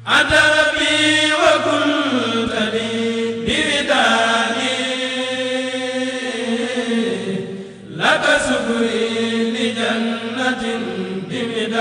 adara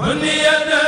man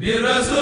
bi rasul